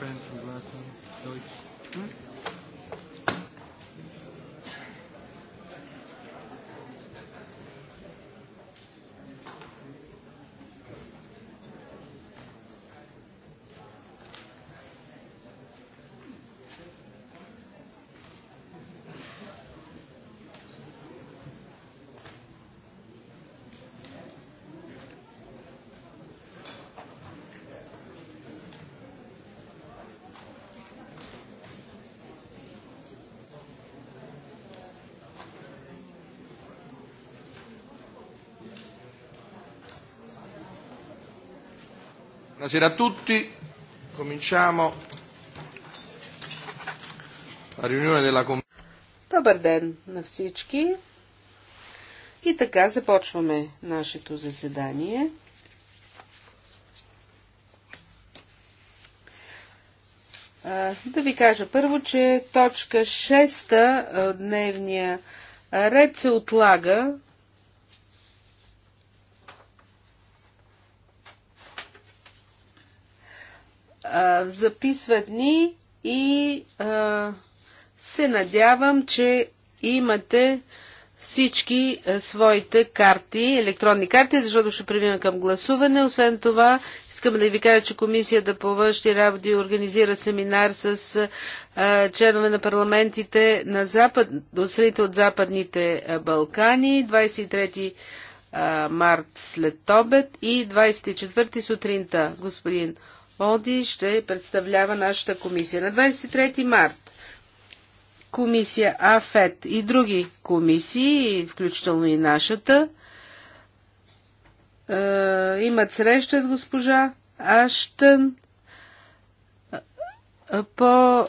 different Buonasera a tutti, cominciamo la riunione della Добър И така започваме нашето заседание. Да ви кажа първо, че точка 6 от дневния ред се отлага записват дни и а, се надявам, че имате всички а, своите карти, електронни карти, защото ще преминем към гласуване. Освен това, искам да ви кажа, че Комисията по външни работи организира семинар с а, членове на парламентите на Запад, до страните от Западните Балкани, 23 март след обед и 24 сутринта. Господин води ще представлява нашата комисия. На 23 март комисия АФЕТ и други комисии, включително и нашата, е, имат среща с госпожа Аштън е, по е,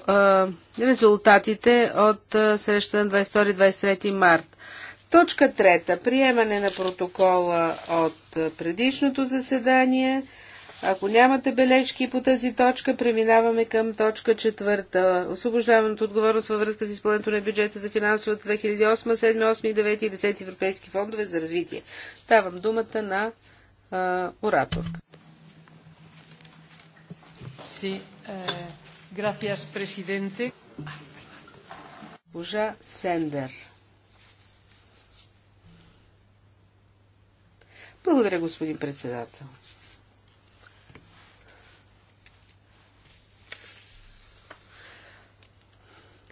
резултатите от среща на 22-23 март. Точка трета. Приемане на протокола от предишното заседание – ако нямате бележки по тази точка, преминаваме към точка четвърта. Освобождаване от отговорност във връзка с изпълнението на бюджета за финансовата 2008, 7, 8, 9 и 10 европейски фондове за развитие. Давам думата на а, ораторка. Си, eh, президенте. Божа Сендер. Благодаря, господин председател.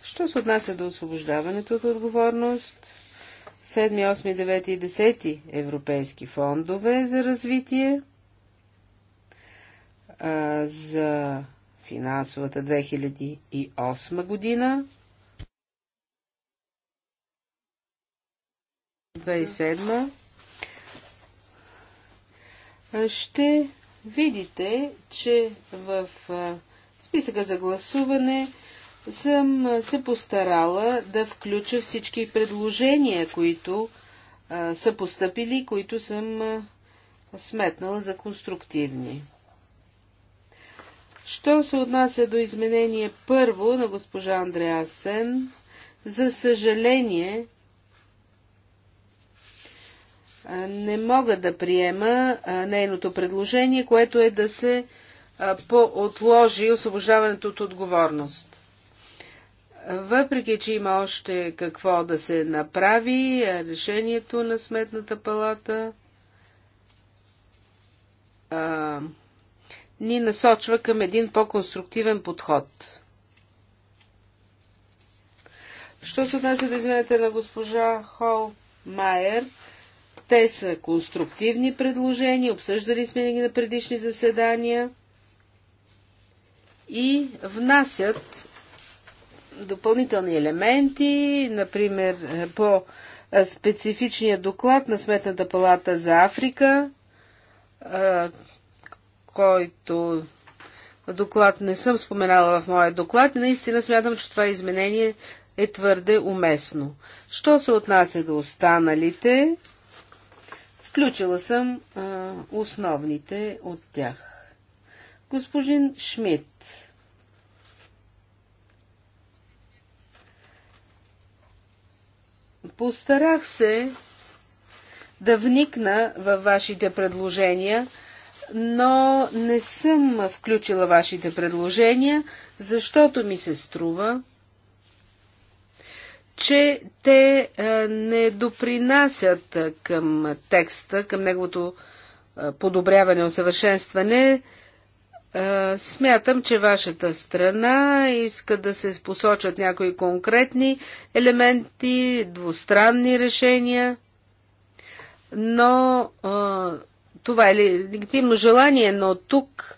Що се отнася до освобождаването от отговорност? 7, 8, 9 и 10 европейски фондове за развитие, а, за финансовата 2008 година, 27. ще видите, че в списъка за гласуване съм се постарала да включа всички предложения, които а, са поступили, които съм а, сметнала за конструктивни. Що се отнася до изменение първо на госпожа Андреасен, за съжаление не мога да приема а, нейното предложение, което е да се по-отложи освобождаването от отговорност. Въпреки, че има още какво да се направи, е решението на Сметната палата а, ни насочва към един по-конструктивен подход. Що се отнася до извинете на госпожа Хол Майер, те са конструктивни предложения, обсъждали сме ги на предишни заседания и внасят допълнителни елементи, например по специфичния доклад на Сметната палата за Африка, който доклад не съм споменала в моя доклад. Наистина смятам, че това изменение е твърде уместно. Що се отнася до останалите, включила съм а, основните от тях. Господин Шмидт Постарах се да вникна във вашите предложения, но не съм включила вашите предложения, защото ми се струва, че те не допринасят към текста, към неговото подобряване, усъвършенстване, е, смятам, че вашата страна иска да се посочат някои конкретни елементи, двустранни решения, но е, това е легитимно желание, но тук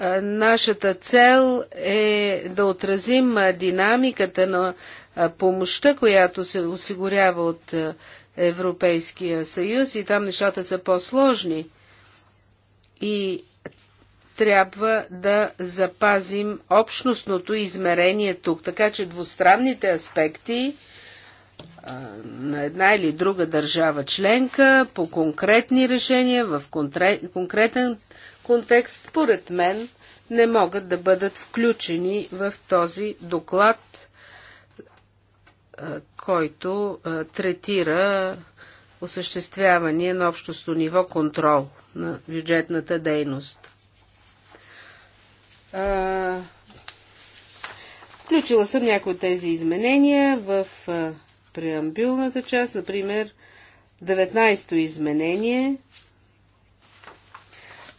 е, нашата цел е да отразим динамиката на помощта, която се осигурява от Европейския съюз и там нещата са по-сложни. И трябва да запазим общностното измерение тук, така че двустранните аспекти на една или друга държава членка по конкретни решения в конкретен контекст, според мен, не могат да бъдат включени в този доклад, който третира осъществяване на общото ниво контрол на бюджетната дейност. А, включила съм някои от тези изменения в а, преамбюлната част, например 19-то изменение.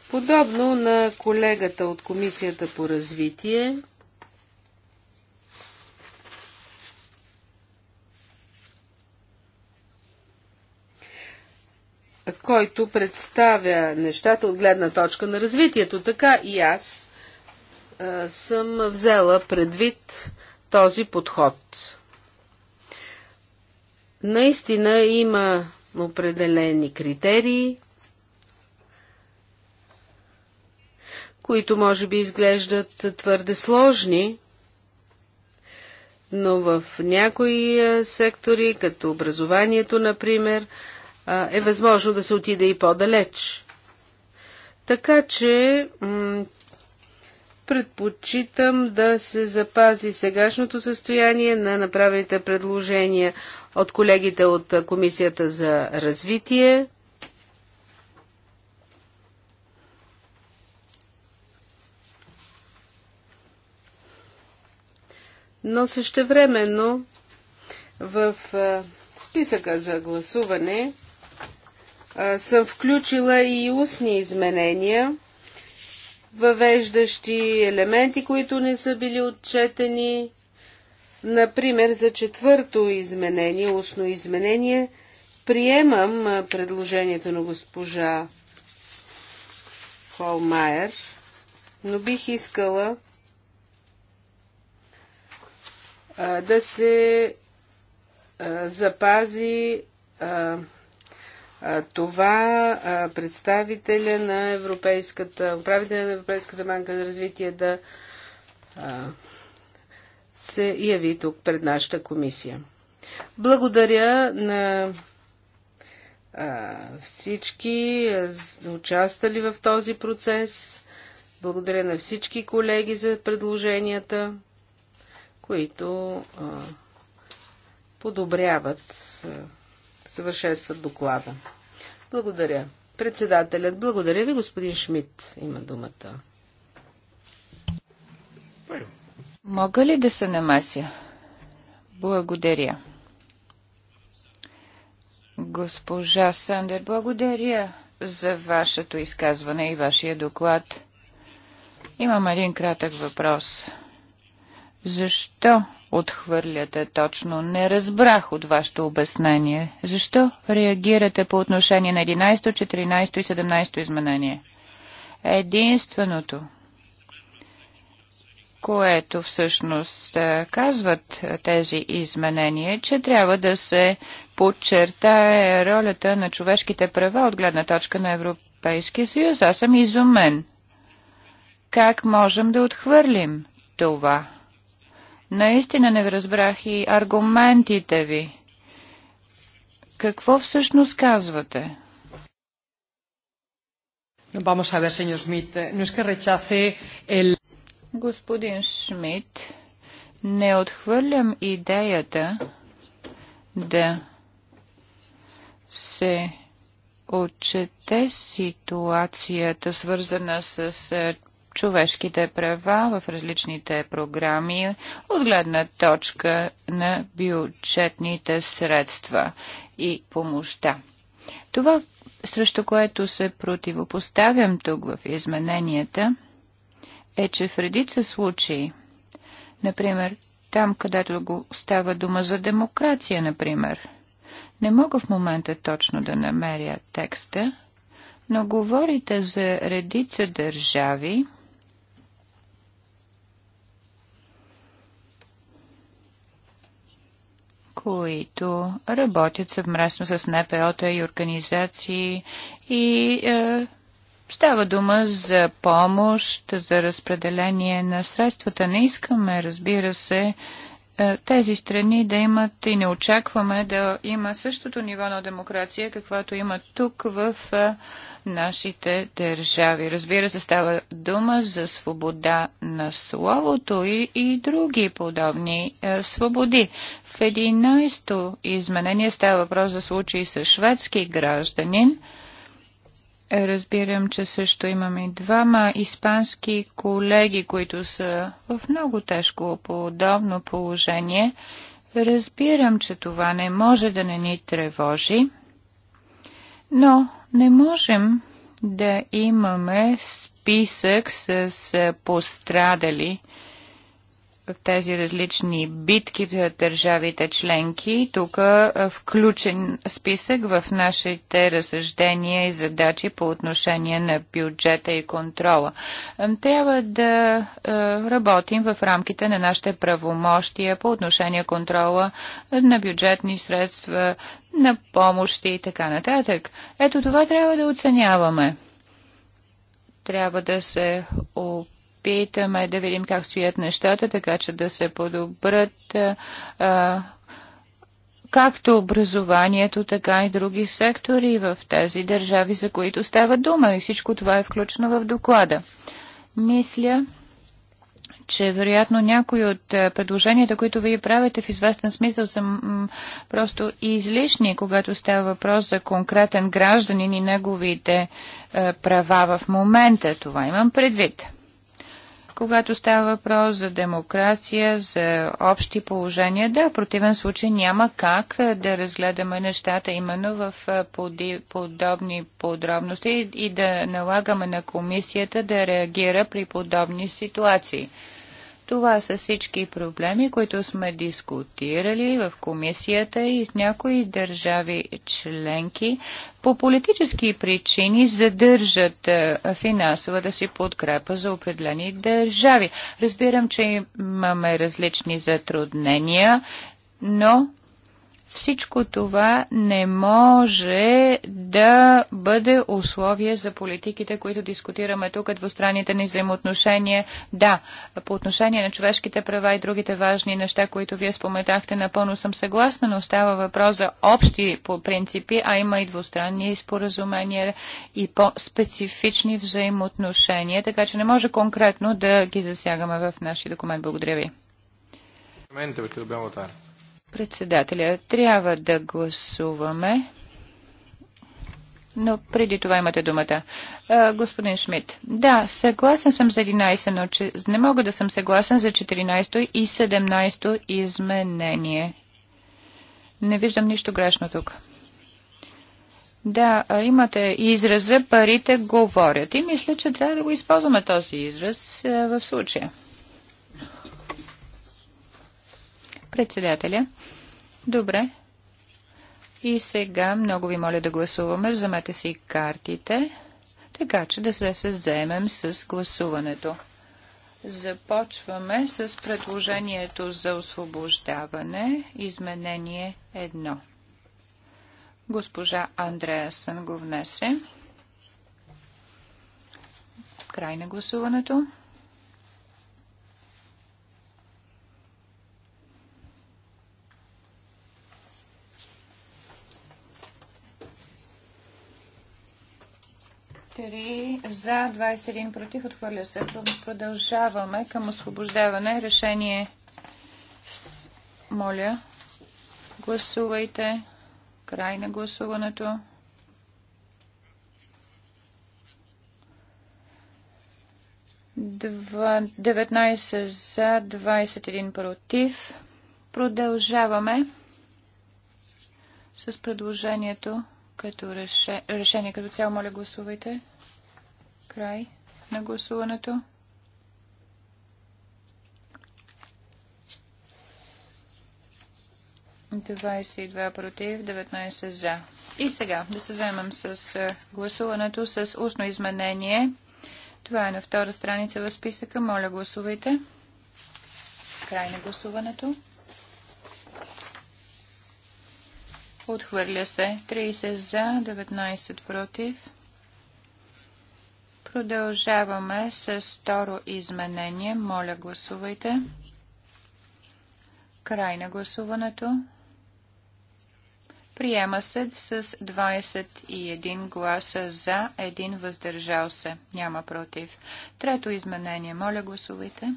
Подобно на колегата от Комисията по развитие, който представя нещата от гледна точка на развитието. Така и аз е, съм взела предвид този подход. Наистина има определени критерии, които може би изглеждат твърде сложни, но в някои е, сектори, като образованието, например, е възможно да се отиде и по-далеч. Така че предпочитам да се запази сегашното състояние на направените предложения от колегите от Комисията за развитие. Но същевременно в списъка за гласуване съм включила и устни изменения – въвеждащи елементи, които не са били отчетени. Например, за четвърто изменение, устно изменение, приемам предложението на госпожа Холмайер, но бих искала а, да се а, запази а, това представителя на Европейската, управителя на Европейската банка за развитие да се яви тук пред нашата комисия. Благодаря на всички участвали в този процес. Благодаря на всички колеги за предложенията, които подобряват съвършенстват доклада. Благодаря. Председателят, благодаря ви, господин Шмидт има думата. Мога ли да се намася? Благодаря. Госпожа Сандер, благодаря за вашето изказване и вашия доклад. Имам един кратък въпрос. Защо отхвърляте точно. Не разбрах от вашето обяснение. Защо реагирате по отношение на 11, 14 и 17 изменение? Единственото, което всъщност е, казват е, тези изменения, е, че трябва да се подчертае ролята на човешките права от гледна точка на Европейския съюз. Аз съм изумен. Как можем да отхвърлим това? Наистина не разбрах и аргументите ви. Какво всъщност казвате? Vamos a ver, señor Schmidt, no es que rechace el... Господин Шмидт, не отхвърлям идеята да се отчете ситуацията, свързана с е, човешките права в различните програми от гледна точка на бюджетните средства и помощта. Това, срещу което се противопоставям тук в измененията, е, че в редица случаи, например, там, където го става дума за демокрация, например, не мога в момента точно да намеря текста, но говорите за редица държави, които работят съвместно с НПО-та и организации и е, Става дума за помощ, за разпределение на средствата. Не искаме, разбира се, е, тези страни да имат и не очакваме да има същото ниво на демокрация, каквато има тук в е, нашите държави. Разбира се, става дума за свобода на словото и, и други подобни е, свободи. В 11-то изменение става въпрос за случаи с шведски гражданин. Разбирам, че също имаме двама испански колеги, които са в много тежко подобно положение. Разбирам, че това не може да не ни тревожи, но не можем да имаме списък с пострадали, в тези различни битки в държавите членки. Тук е включен списък в нашите разсъждения и задачи по отношение на бюджета и контрола. Трябва да е, работим в рамките на нашите правомощия по отношение контрола на бюджетни средства, на помощи и така нататък. Ето това трябва да оценяваме трябва да се опитаме да видим как стоят нещата, така че да се подобрат а, както образованието, така и други сектори в тези държави, за които става дума. И всичко това е включено в доклада. Мисля, че вероятно някои от предложенията, които вие правите в известен смисъл са просто излишни, когато става въпрос за конкретен гражданин и неговите права в момента. Това имам предвид когато става въпрос за демокрация, за общи положения. Да, в противен случай няма как е, да разгледаме нещата именно в е, подобни подробности и да налагаме на комисията да реагира при подобни ситуации. Това са всички проблеми, които сме дискутирали в комисията и в някои държави членки по политически причини задържат е, финансовата си подкрепа за определени държави. Разбирам, че имаме различни затруднения, но всичко това не може да бъде условие за политиките, които дискутираме тук, двустранните ни взаимоотношения. Да, по отношение на човешките права и другите важни неща, които вие споменахте, напълно съм съгласна, но става въпрос за общи по принципи, а има и двустранни споразумения и по-специфични взаимоотношения, така че не може конкретно да ги засягаме в нашия документ. Благодаря ви. Председателя, трябва да гласуваме. Но преди това имате думата. А, господин Шмидт, да, съгласен съм за 11, но че, не мога да съм съгласен за 14 и 17 изменение. Не виждам нищо грешно тук. Да, имате израза парите говорят и мисля, че трябва да го използваме този израз в случая. Председателя. Добре. И сега много ви моля да гласуваме. Вземете си картите, така че да се заемем с гласуването. Започваме с предложението за освобождаване, изменение 1. Госпожа Андреасън го внесе. Край на гласуването. 4 за, 21 против, отхвърля се. Продължаваме към освобождаване. Решение. Моля, гласувайте. Край на гласуването. Два, 19 за, 21 против. Продължаваме с предложението като реше... решение като цяло. Моля, гласувайте. Край на гласуването. Двадесет против, 19 за. И сега да се вземем с гласуването с устно изменение. Това е на втора страница в списъка. Моля, гласувайте. Край на гласуването. Отхвърля се. 30 за, 19 против. Продължаваме с второ изменение. Моля, гласувайте. Край на гласуването. Приема се с 21 гласа за, 1 въздържал се. Няма против. Трето изменение. Моля, гласувайте.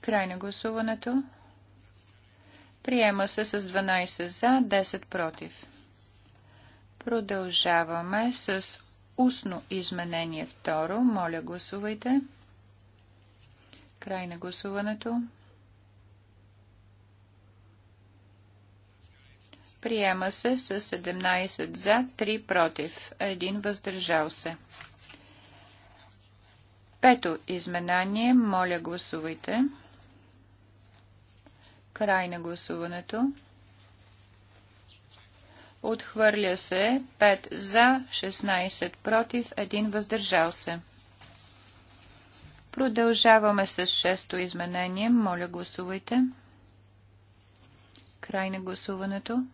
Край на гласуването. Приема се с 12 за, 10 против. Продължаваме с устно изменение второ. Моля, гласувайте. Край на гласуването. Приема се с 17 за, 3 против, 1 въздържал се. Пето изменание. Моля, гласувайте. Край на гласуването. Отхвърля се 5 за, 16 против, 1 въздържал се. Продължаваме с шесто изменение. Моля, гласувайте. Край на гласуването.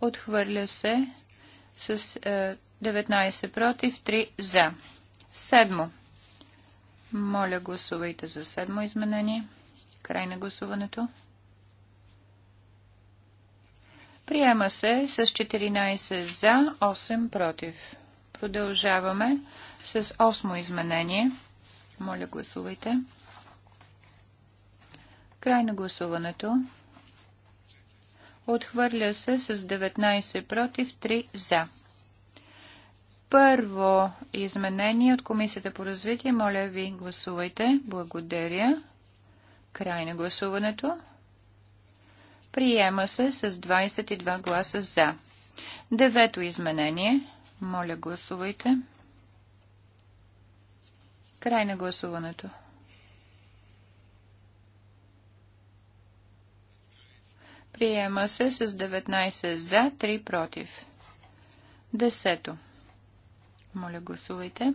Отхвърля се с е, 19 против, 3 за. Седмо. Моля, гласувайте за седмо изменение. Край на гласуването. Приема се с 14 за, 8 против. Продължаваме с 8 изменение. Моля, гласувайте. Край на гласуването. Отхвърля се с 19 против, 3 за. Първо изменение от Комисията по развитие. Моля ви, гласувайте. Благодаря. Край на гласуването. Приема се с 22 гласа за. Девето изменение. Моля, гласувайте. Край на гласуването. Приема се с 19 за, 3 против. Десето. Моля, гласувайте.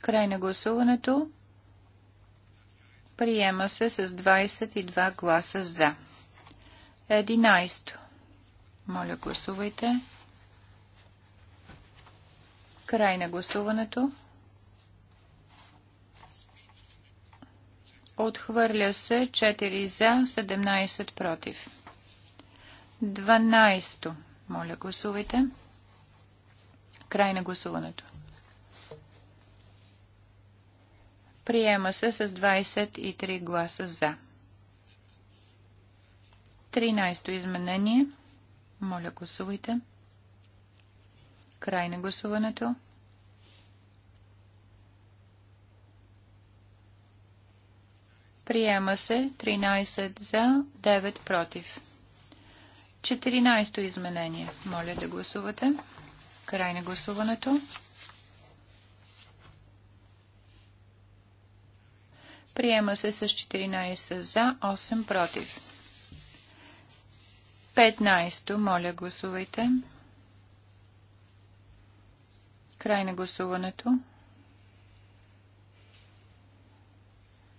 Край на гласуването. Приема се с 22 гласа за. 11. Моля, гласувайте. Край на гласуването. Отхвърля се 4 за, 17 против. 12. Моля, гласувайте. Край на гласуването. Приема се с 23 гласа за. 13-то изменение. Моля, гласувайте. Край на гласуването. Приема се 13 за, 9 против. 14-то изменение. Моля да гласувате. Край на гласуването. Приема се с 14 за, 8 против. 15. Моля, гласувайте. Край на гласуването.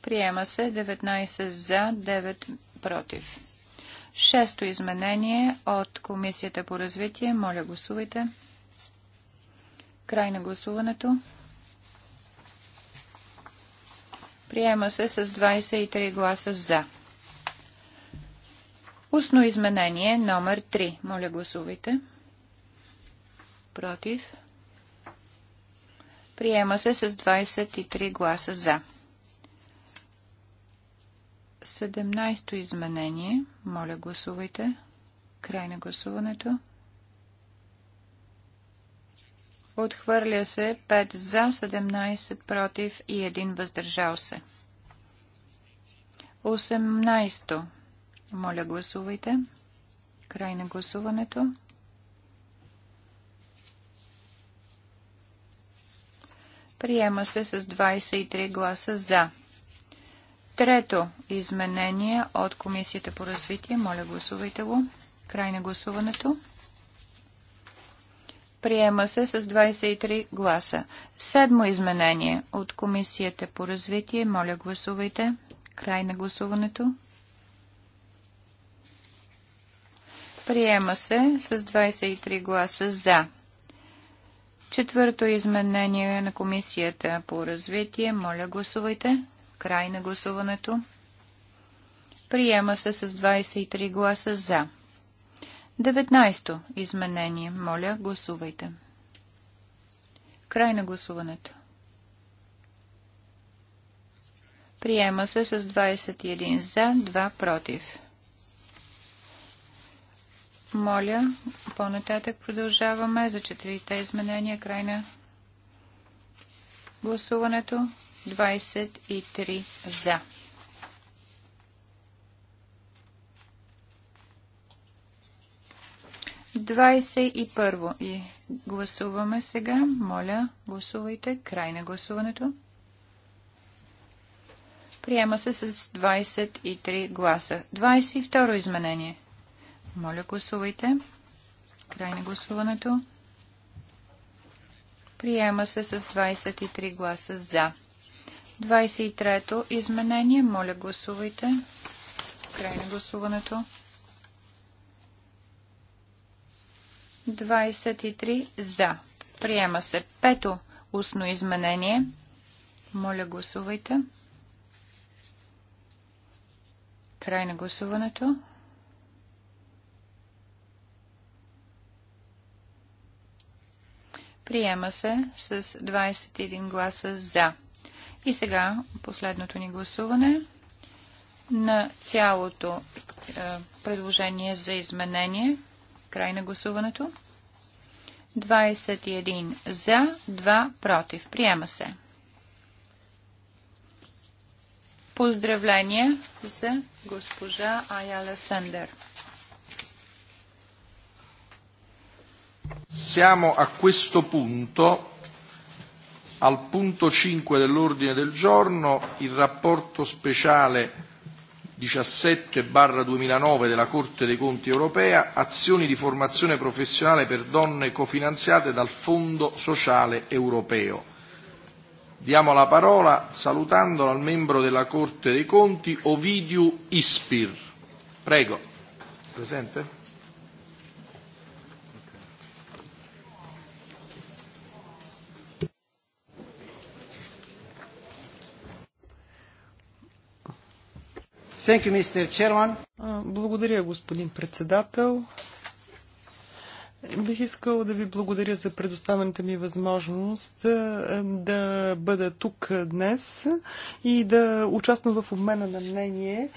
Приема се 19 за, 9 против. Шесто изменение от Комисията по развитие. Моля, гласувайте. Край на гласуването. Приема се с 23 гласа за. Устно изменение номер 3. Моля гласувайте. Против. Приема се с 23 гласа за. 17-то изменение. Моля гласувайте. Край на гласуването. Отхвърля се 5 за, 17 против и 1 въздържал се. 18. Моля гласувайте. Край на гласуването. Приема се с 23 гласа за. Трето изменение от Комисията по развитие. Моля гласувайте го. Край на гласуването. Приема се с 23 гласа. Седмо изменение от Комисията по развитие. Моля, гласувайте. Край на гласуването. Приема се с 23 гласа за. Четвърто изменение на Комисията по развитие. Моля, гласувайте. Край на гласуването. Приема се с 23 гласа за. 19-то изменение. Моля, гласувайте. Край на гласуването. Приема се с 21 за, 2 против. Моля, по-нататък продължаваме за четирите изменения. Край на гласуването. 23 за. 21 и гласуваме сега. Моля, гласувайте. Край на гласуването. Приема се с 23 гласа. 22 изменение. Моля, гласувайте. Край на гласуването. Приема се с 23 гласа за. 23 изменение. Моля, гласувайте. Край на гласуването. 23 за. Приема се. Пето устно изменение. Моля, гласувайте. Край на гласуването. Приема се с 21 гласа за. И сега последното ни гласуване на цялото е, предложение за изменение. Край на гласуването. 21 за, 2 против. Приема се. Поздравление за госпожа Аяла Сендер. Siamo a questo punto, al punto 5 dell'ordine del giorno, il rapporto speciale 17-2009 della Corte dei Conti europea, azioni di formazione professionale per donne cofinanziate dal Fondo sociale europeo. Diamo la parola, salutandola, al membro della Corte dei Conti, Ovidiu Ispir. Prego. Presente? You, благодаря, господин председател. Бих искал да ви благодаря за предоставената ми възможност да бъда тук днес и да участвам в обмена на мнение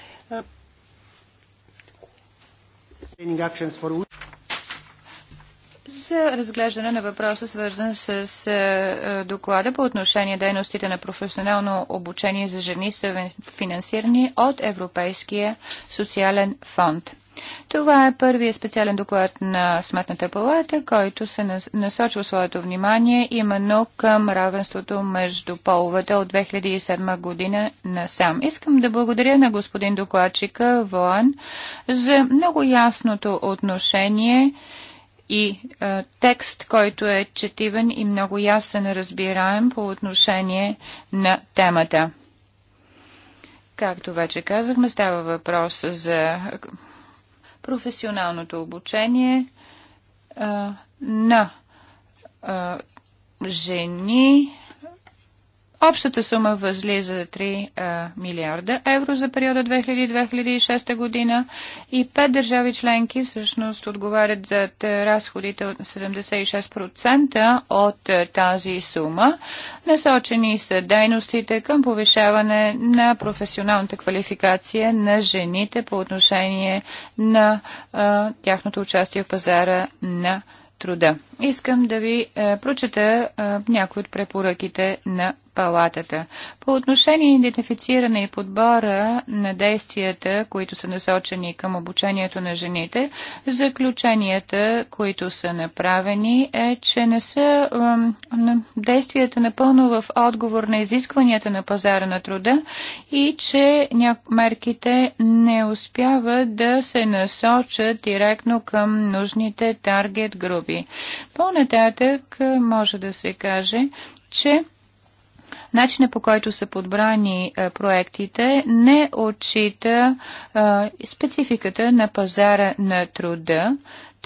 за разглеждане на въпроса, свързан с е, е, доклада по отношение дейностите на професионално обучение за жени, са финансирани от Европейския социален фонд. Това е първият специален доклад на Сметната палата, който се насочва своето внимание именно към равенството между половете от 2007 година насам. Искам да благодаря на господин докладчика Воан за много ясното отношение и а, текст, който е четивен и много ясен разбираем по отношение на темата. Както вече казахме, става въпрос за професионалното обучение а, на а, жени, Общата сума възлиза 3 а, милиарда евро за периода 2000-2006 година и пет държави членки всъщност отговарят за разходите от 76% от тази сума. Насочени са дейностите към повишаване на професионалната квалификация на жените по отношение на а, тяхното участие в пазара на труда. Искам да ви е, прочета е, някои от препоръките на палатата. По отношение идентифициране и подбора на действията, които са насочени към обучението на жените, заключенията, които са направени, е, че не са действията напълно в отговор на изискванията на пазара на труда и че мерките не успяват да се насочат директно към нужните таргет групи. По-нататък може да се каже, че начинът по който са подбрани е, проектите не отчита е, спецификата на пазара на труда,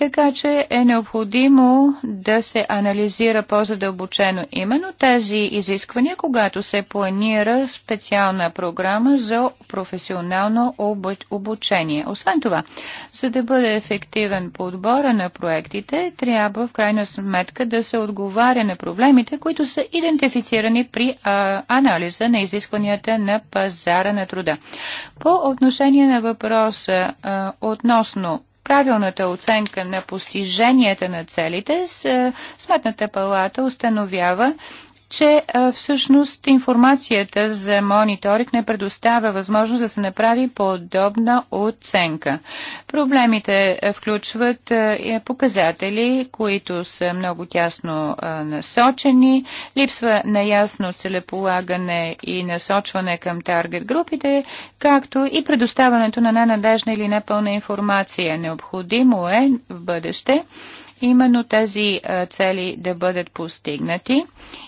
така че е необходимо да се анализира по-задълбочено именно тези изисквания, когато се планира специална програма за професионално обучение. Освен това, за да бъде ефективен подбора на проектите, трябва в крайна сметка да се отговаря на проблемите, които са идентифицирани при а, анализа на изискванията на пазара на труда. По отношение на въпроса а, относно правилната оценка на постиженията на целите, е, Сметната палата установява, че а, всъщност информацията за мониторинг не предоставя възможност да се направи подобна оценка. Проблемите включват а, показатели, които са много тясно а, насочени, липсва наясно целеполагане и насочване към таргет групите, както и предоставането на ненадежна или непълна информация. Необходимо е в бъдеще именно тези цели да бъдат постигнати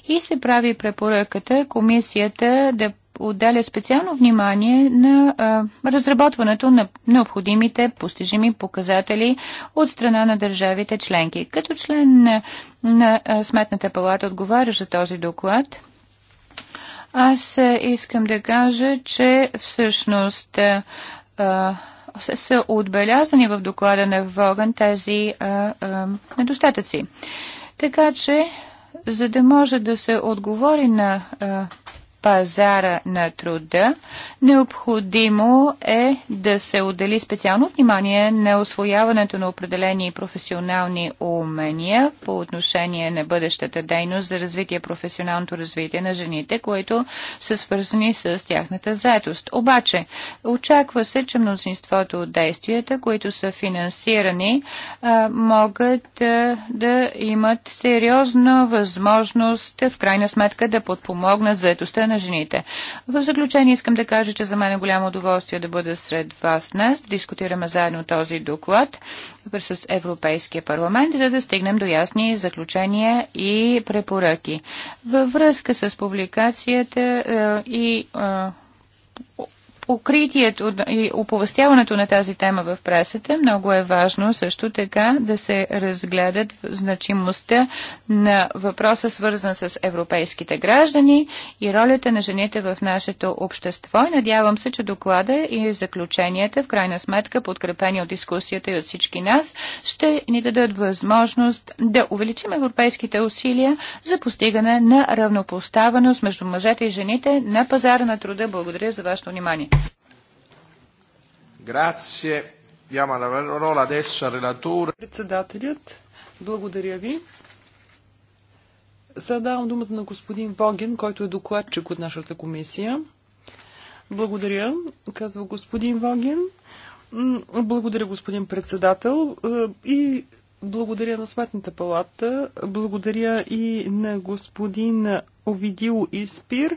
и се прави препоръката комисията да отделя специално внимание на а, разработването на необходимите постижими показатели от страна на държавите членки. Като член на, на Сметната палата отговаря за този доклад, аз искам да кажа, че всъщност а, са отбелязани в доклада на Воган тези а, а, недостатъци. Така че, за да може да се отговори на а, пазара на труда, необходимо е да се отдели специално внимание на освояването на определени професионални умения по отношение на бъдещата дейност за развитие, професионалното развитие на жените, които са свързани с тяхната заетост. Обаче, очаква се, че мнозинството от действията, които са финансирани, могат да имат сериозна възможност в крайна сметка да подпомогнат заетостта на жените. В заключение искам да кажа, че за мен е голямо удоволствие да бъда сред вас днес, да дискутираме заедно този доклад с Европейския парламент, за да стигнем до ясни заключения и препоръки. Във връзка с публикацията е, и е, укритието и оповестяването на тази тема в пресата, много е важно също така да се разгледат значимостта на въпроса свързан с европейските граждани и ролята на жените в нашето общество. И надявам се, че доклада и заключенията, в крайна сметка, подкрепени от дискусията и от всички нас, ще ни дадат възможност да увеличим европейските усилия за постигане на равнопоставеност между мъжете и жените на пазара на труда. Благодаря за вашето внимание. Председателят, благодаря ви. Задавам думата на господин Воген, който е докладчик от нашата комисия. Благодаря, казва господин Воген. Благодаря, господин председател. Е, и благодаря на Сметната палата. Благодаря и на господин Овидил Испир.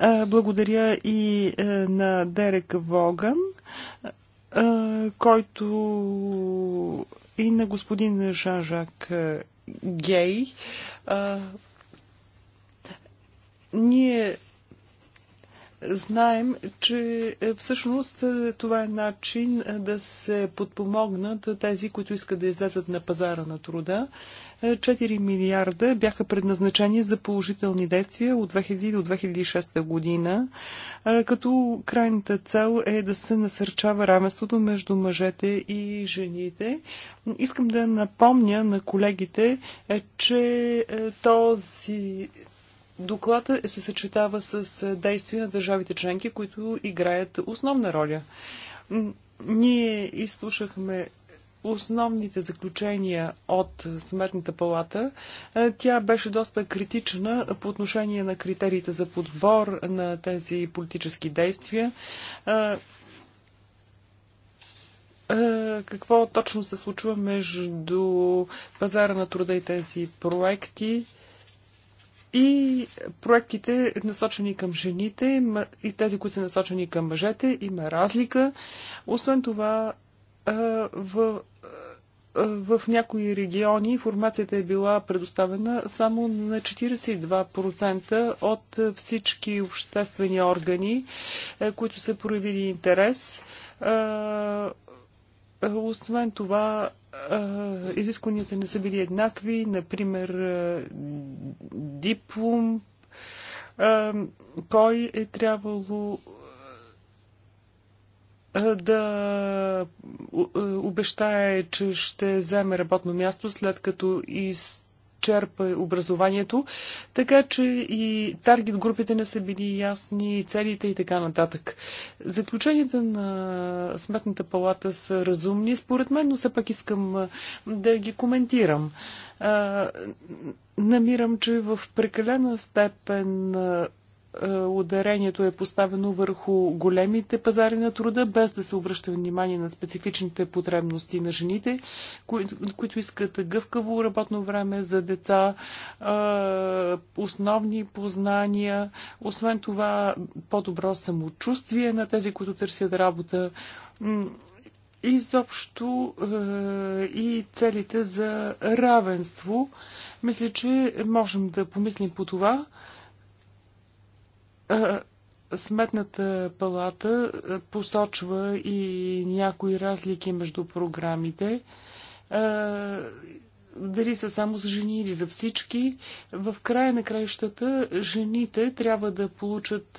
Е, благодаря и е, на Дерек Воган който и на господин Жан-Жак Гей. Ние Знаем, че е, всъщност е, това е начин е, да се подпомогнат тези, които искат да излезат на пазара на труда. 4 милиарда бяха предназначени за положителни действия от 2000 до 2006 година, като крайната цел е да се насърчава равенството между мъжете и жените. Искам да напомня на колегите, че този доклада се съчетава с действия на държавите членки, които играят основна роля. Ние изслушахме основните заключения от Сметната палата. Тя беше доста критична по отношение на критериите за подбор на тези политически действия. Какво точно се случва между пазара на труда и тези проекти? и проектите насочени към жените и тези, които са насочени към мъжете, има разлика. Освен това, в, в някои региони информацията е била предоставена само на 42% от всички обществени органи, които са проявили интерес е, освен това, е, изискванията не са били еднакви, например е, диплом, кой е трябвало да обещае, че ще вземе работно място след като из черпа образованието, така че и таргет групите не са били ясни, целите и така нататък. Заключенията на Сметната палата са разумни, според мен, но все пак искам да ги коментирам намирам, че в прекалена степен е, ударението е поставено върху големите пазари на труда, без да се обръща внимание на специфичните потребности на жените, кои, които искат гъвкаво работно време за деца, е, основни познания, освен това по-добро самочувствие на тези, които търсят работа. Изобщо е, и целите за равенство. Мисля, че можем да помислим по това. Сметната палата посочва и някои разлики между програмите. Дали са само за жени или за всички, в края на краищата жените трябва да получат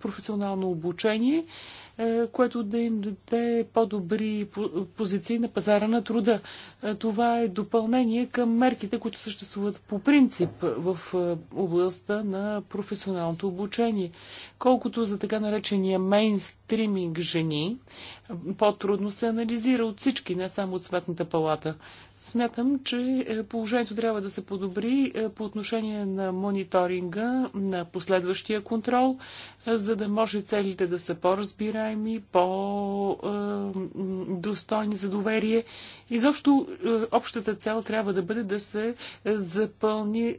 професионално обучение, е, което да им даде по-добри позиции на пазара на труда. Е, това е допълнение към мерките, които съществуват по принцип в е, областта на професионалното обучение. Колкото за така наречения мейнстриминг жени, по-трудно се анализира от всички, не само от Сметната палата. Смятам, че е, положението трябва да се подобри е, по отношение на мониторинга, на последващия контрол, е, за да може целите да са по-разбираеми, по-достойни за доверие. И общата цел трябва да бъде да се запълни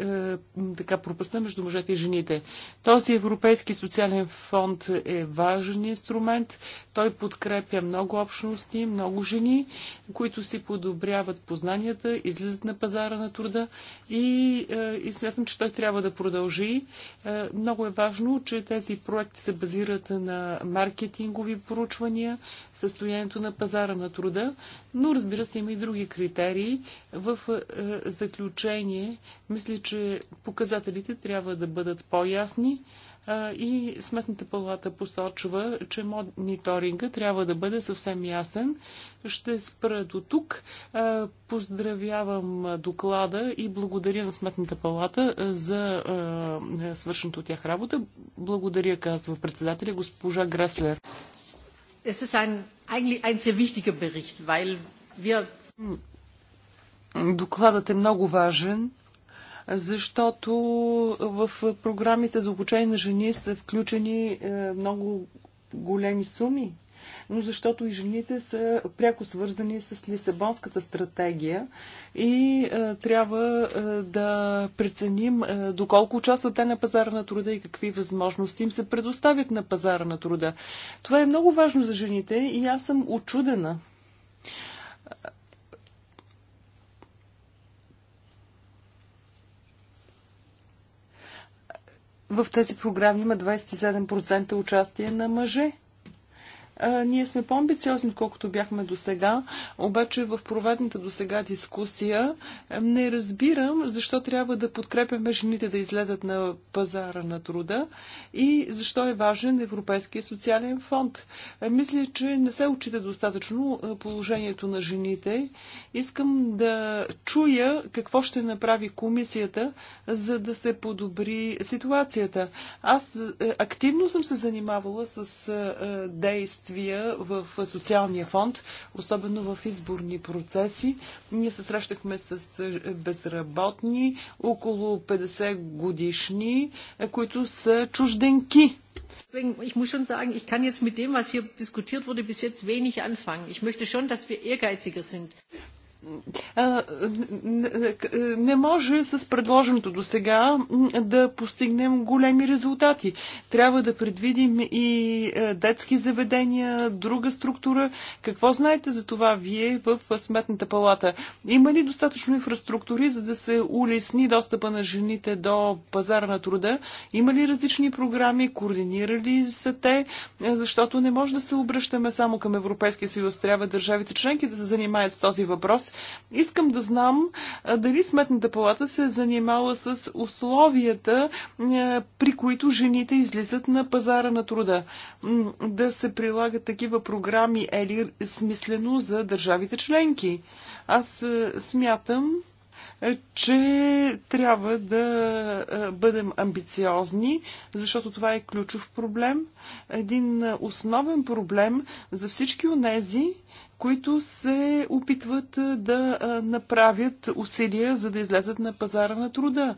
така пропаста между мъжете и жените. Този Европейски социален фонд е важен инструмент. Той подкрепя много общности, много жени които си подобряват познанията, излизат на пазара на труда и, е, и смятам, че той трябва да продължи. Е, много е важно, че тези проекти се базират на маркетингови поручвания, състоянието на пазара на труда, но разбира се има и други критерии. В е, заключение, мисля, че показателите трябва да бъдат по-ясни и Сметната палата посочва, че мониторинга трябва да бъде съвсем ясен. Ще спра до тук. Поздравявам доклада и благодаря на Сметната палата за свършеното от тях работа. Благодаря, казва председателя госпожа Греслер. Докладът е много важен, защото в програмите за обучение на жени са включени е, много големи суми, но защото и жените са пряко свързани с Лисабонската стратегия и е, трябва е, да преценим доколко участват те на пазара на труда и какви възможности им се предоставят на пазара на труда. Това е много важно за жените и аз съм очудена. В тази програма има 27% участие на мъже. Ние сме по-амбициозни, отколкото бяхме до сега, обаче в проведната до сега дискусия не разбирам защо трябва да подкрепяме жените да излезат на пазара на труда и защо е важен Европейския социален фонд. Мисля, че не се очита достатъчно положението на жените. Искам да чуя какво ще направи комисията, за да се подобри ситуацията. Аз активно съм се занимавала с действия действия в социалния фонд, особено в изборни процеси. Ние се срещахме с безработни, около 50 годишни, които са чужденки. Ich muss schon sagen, ich kann jetzt mit dem, was hier diskutiert wurde, bis jetzt wenig anfangen. Ich möchte schon, dass wir ehrgeiziger sind не може с предложеното до сега да постигнем големи резултати. Трябва да предвидим и детски заведения, друга структура. Какво знаете за това вие в Сметната палата? Има ли достатъчно инфраструктури, за да се улесни достъпа на жените до пазара на труда? Има ли различни програми? Координирали са те? Защото не може да се обръщаме само към Европейския съюз. Трябва държавите членки да се занимаят с този въпрос Искам да знам дали Сметната палата се е занимала с условията, при които жените излизат на пазара на труда. Да се прилагат такива програми е ли смислено за държавите членки? Аз смятам, че трябва да бъдем амбициозни, защото това е ключов проблем, един основен проблем за всички онези, които се опитват да направят усилия, за да излезат на пазара на труда.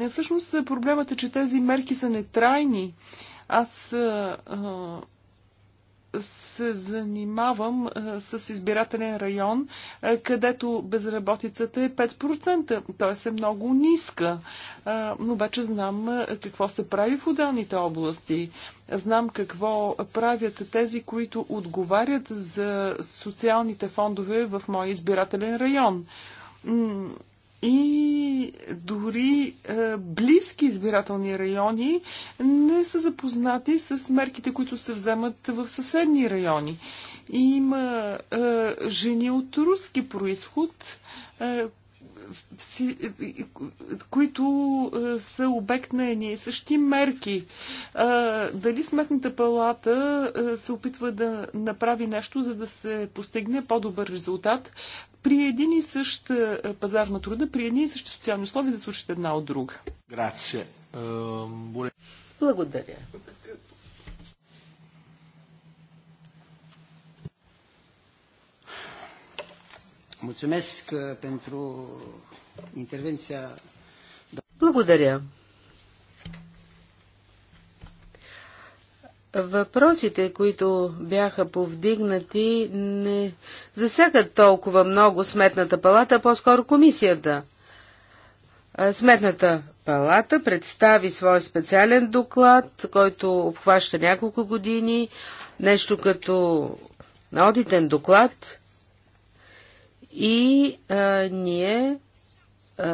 Е, всъщност проблемът е, че тези мерки са нетрайни. Аз а, се занимавам с избирателен район, където безработицата е 5%, т.е. е много ниска. но вече знам какво се прави в отделните области. Знам какво правят тези, които отговарят за социалните фондове в моя избирателен район и дори е, близки избирателни райони не са запознати с мерките, които се вземат в съседни райони. Има е, жени от руски происход, е, които са обект на едни и същи мерки. Дали Сметната палата се опитва да направи нещо, за да се постигне по-добър резултат? при един и същ е, пазар на труда, при едни и същи социални условия да слушат една от друга. Грация. Е, Благодаря. Mulțumesc е, pentru intervenția. Благодаря. Въпросите, които бяха повдигнати, не засягат толкова много Сметната палата, по-скоро комисията. Сметната палата представи своя специален доклад, който обхваща няколко години, нещо като наодитен доклад и а, ние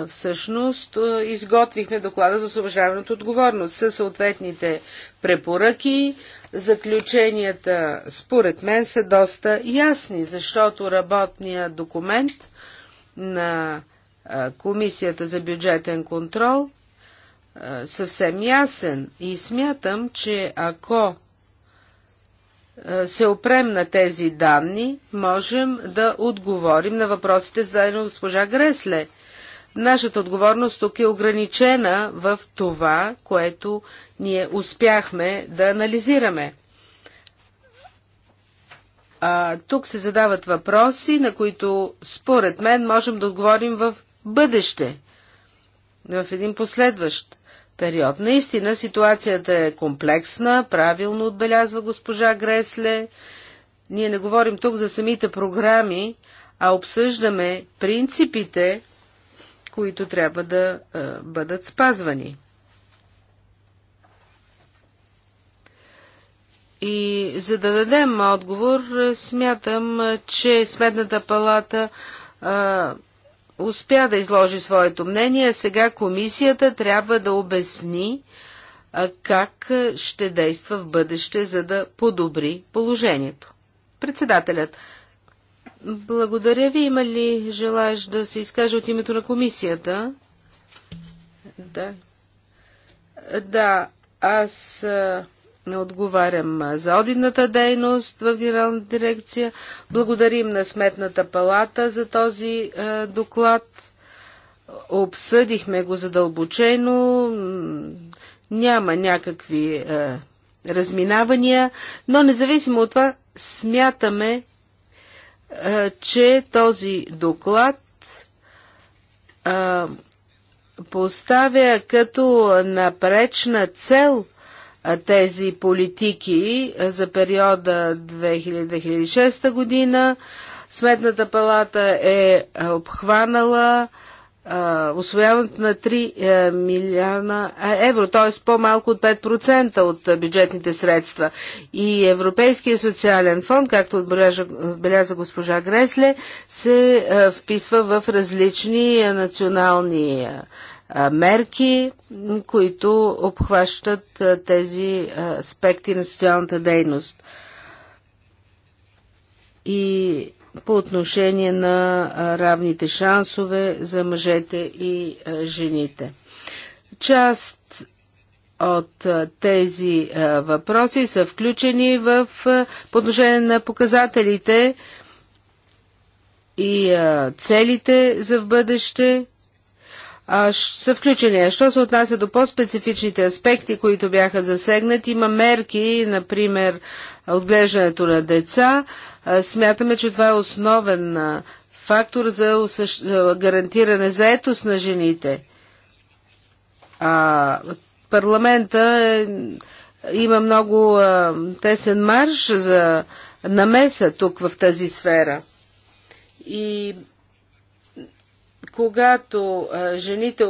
всъщност изготвихме доклада за освобождаването отговорност със съответните препоръки. Заключенията, според мен, са доста ясни, защото работният документ на Комисията за бюджетен контрол съвсем ясен и смятам, че ако се опрем на тези данни, можем да отговорим на въпросите зададени от госпожа Гресле – Нашата отговорност тук е ограничена в това, което ние успяхме да анализираме. А, тук се задават въпроси, на които според мен можем да отговорим в бъдеще, в един последващ период. Наистина ситуацията е комплексна, правилно отбелязва госпожа Гресле. Ние не говорим тук за самите програми, а обсъждаме принципите, които трябва да бъдат спазвани. И за да дадем отговор, смятам, че Сметната палата а, успя да изложи своето мнение. Сега комисията трябва да обясни а, как ще действа в бъдеще, за да подобри положението. Председателят, благодаря ви. Има ли желаеш да се изкаже от името на комисията? Да. Да, аз не отговарям за одитната дейност в Генерална дирекция. Благодарим на Сметната палата за този е, доклад. Обсъдихме го задълбочено. Няма някакви е, разминавания, но независимо от това, смятаме, е, че този доклад е, поставя като напречна цел е, тези политики за периода 2000-2006 година. Сметната палата е обхванала освояването на 3 е, милиона евро, т.е. по-малко от 5% от бюджетните средства. И Европейския социален фонд, както отбеляза, отбеляза госпожа Гресле, се вписва в различни национални мерки, които обхващат тези аспекти на социалната дейност. И по отношение на равните шансове за мъжете и жените. Част от тези въпроси са включени в подложение на показателите и целите за в бъдеще а, са включени. Що се отнася до по-специфичните аспекти, които бяха засегнати, има мерки, например, отглеждането на деца, Смятаме, че това е основен фактор за гарантиране заетост на жените. А парламента е, има много тесен марш за намеса тук в тази сфера. И когато жените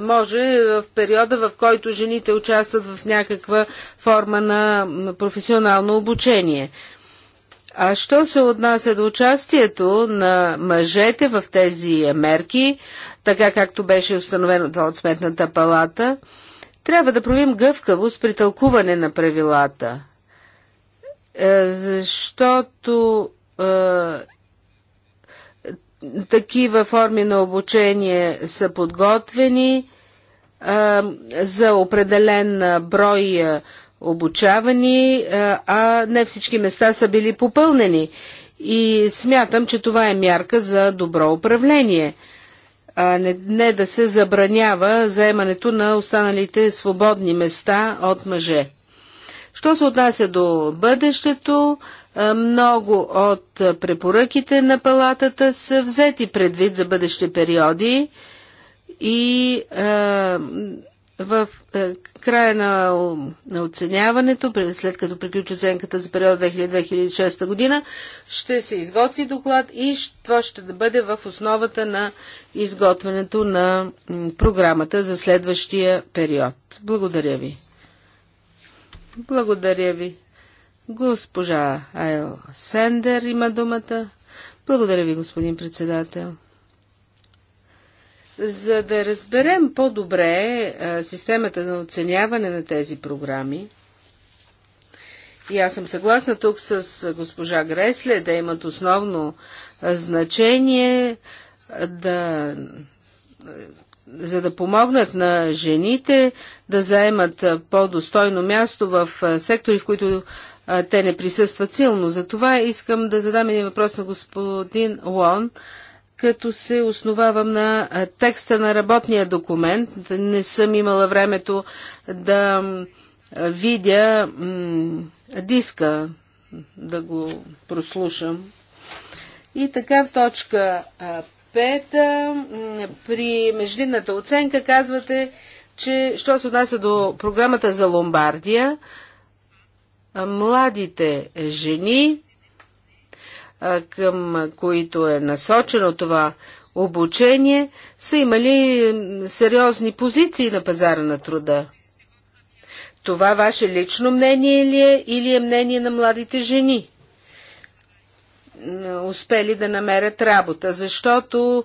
може в периода, в който жените участват в някаква форма на професионално обучение. А що се отнася до участието на мъжете в тези мерки, така както беше установено това от Сметната палата, трябва да правим гъвкавост при тълкуване на правилата. Е, защото е, такива форми на обучение са подготвени е, за определен брой е, обучавани, е, а не всички места са били попълнени. И смятам, че това е мярка за добро управление. А не, не да се забранява заемането на останалите свободни места от мъже. Що се отнася до бъдещето, е, много от препоръките на палатата са взети предвид за бъдещи периоди и е, в е, края на, на оценяването, след като приключи оценката за период 2000-2006 година, ще се изготви доклад и това ще бъде в основата на изготвянето на програмата за следващия период. Благодаря ви. Благодаря ви. Госпожа Айл Сендер има думата. Благодаря ви, господин председател. За да разберем по-добре е, системата на оценяване на тези програми, и аз съм съгласна тук с госпожа Гресле да имат основно значение да, за да помогнат на жените да заемат по-достойно място в сектори, в които те не присъстват силно. За това искам да задам един въпрос на господин Лон като се основавам на текста на работния документ. Не съм имала времето да видя диска, да го прослушам. И така в точка 5 при междинната оценка казвате, че що се отнася до програмата за Ломбардия, младите жени към които е насочено това обучение, са имали сериозни позиции на пазара на труда. Това ваше лично мнение ли е или е мнение на младите жени? Успели да намерят работа, защото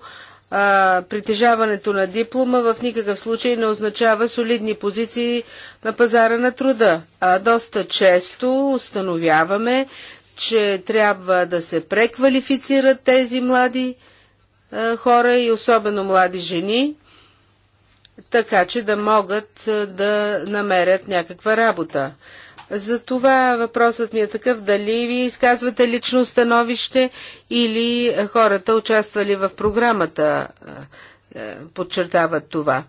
а, притежаването на диплома в никакъв случай не означава солидни позиции на пазара на труда. А доста често установяваме, че трябва да се преквалифицират тези млади е, хора и особено млади жени, така че да могат е, да намерят някаква работа. Затова въпросът ми е такъв, дали ви изказвате лично становище или хората, участвали в програмата, е, подчертават това.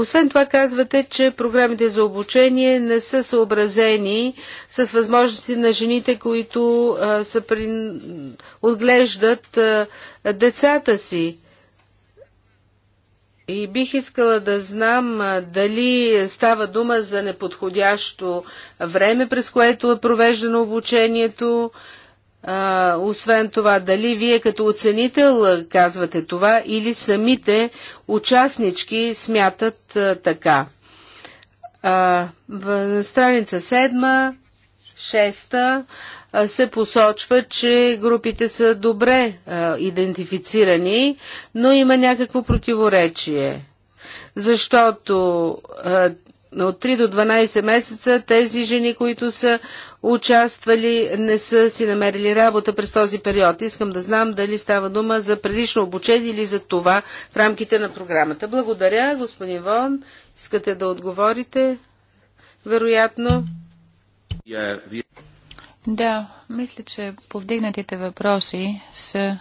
Освен това казвате, че програмите за обучение не са съобразени с възможности на жените, които а, са при... отглеждат а, децата си. И бих искала да знам дали става дума за неподходящо време, през което е провеждано обучението а, освен това, дали вие като оценител казвате това или самите участнички смятат а, така. А, в страница 7, 6 се посочва, че групите са добре а, идентифицирани, но има някакво противоречие. Защото а, от 3 до 12 месеца тези жени, които са участвали, не са си намерили работа през този период. Искам да знам дали става дума за предишно обучение или за това в рамките на програмата. Благодаря, господин Вон. Искате да отговорите? Вероятно. Да, мисля, че повдигнатите въпроси са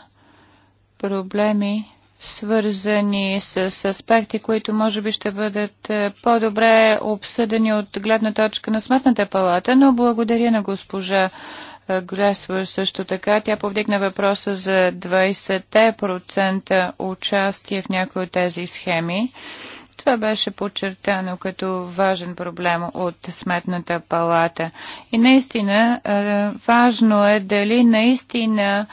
проблеми, свързани с аспекти, които може би ще бъдат е, по-добре обсъдени от гледна точка на Сметната палата, но благодаря на госпожа е, Гресвър също така. Тя повдигна въпроса за 20% участие в някои от тези схеми. Това беше подчертано като важен проблем от Сметната палата. И наистина е, важно е дали наистина е,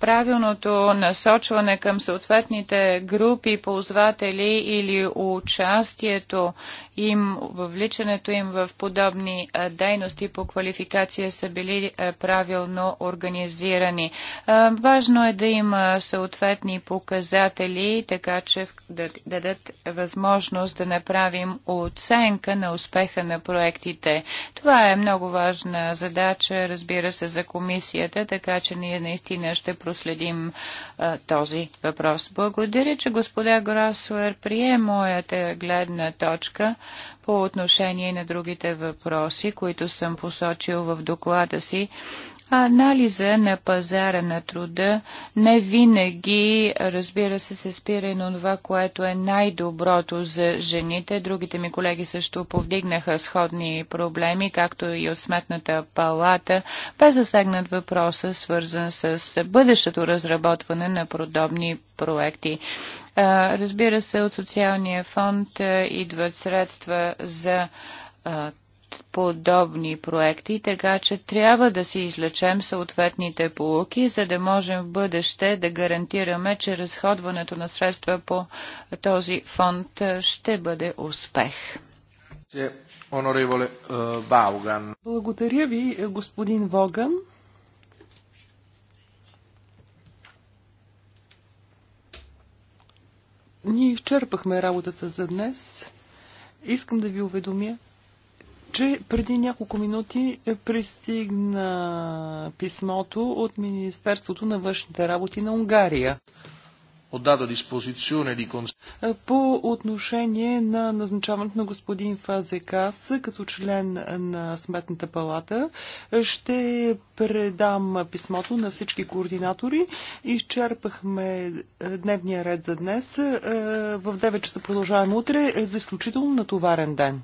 правилното насочване към съответните групи ползватели или участието им, въвличането им в подобни е, дейности по квалификация са били правилно организирани. Важно е да има съответни показатели, така че да дадат възможност възможност да направим оценка на успеха на проектите. Това е много важна задача, разбира се, за комисията, така че ние наистина ще проследим а, този въпрос. Благодаря, че господа Гросуер прие моята гледна точка по отношение на другите въпроси, които съм посочил в доклада си Анализа на пазара на труда не винаги, разбира се, се спира и на това, което е най-доброто за жените. Другите ми колеги също повдигнаха сходни проблеми, както и от сметната палата, бе засегнат въпроса, свързан с бъдещето разработване на подобни проекти. Разбира се, от социалния фонд идват средства за подобни проекти, така че трябва да си излечем съответните полуки, за да можем в бъдеще да гарантираме, че разходването на средства по този фонд ще бъде успех. Благодаря ви, господин Воган. Ние изчерпахме работата за днес. Искам да ви уведомя, че преди няколко минути е пристигна писмото от Министерството на външните работи на Унгария. Е, по отношение на назначаването на господин Фазекас като член на Сметната палата, ще предам писмото на всички координатори. Изчерпахме е, дневния ред за днес. В 9 часа продължаваме утре за изключително натоварен ден.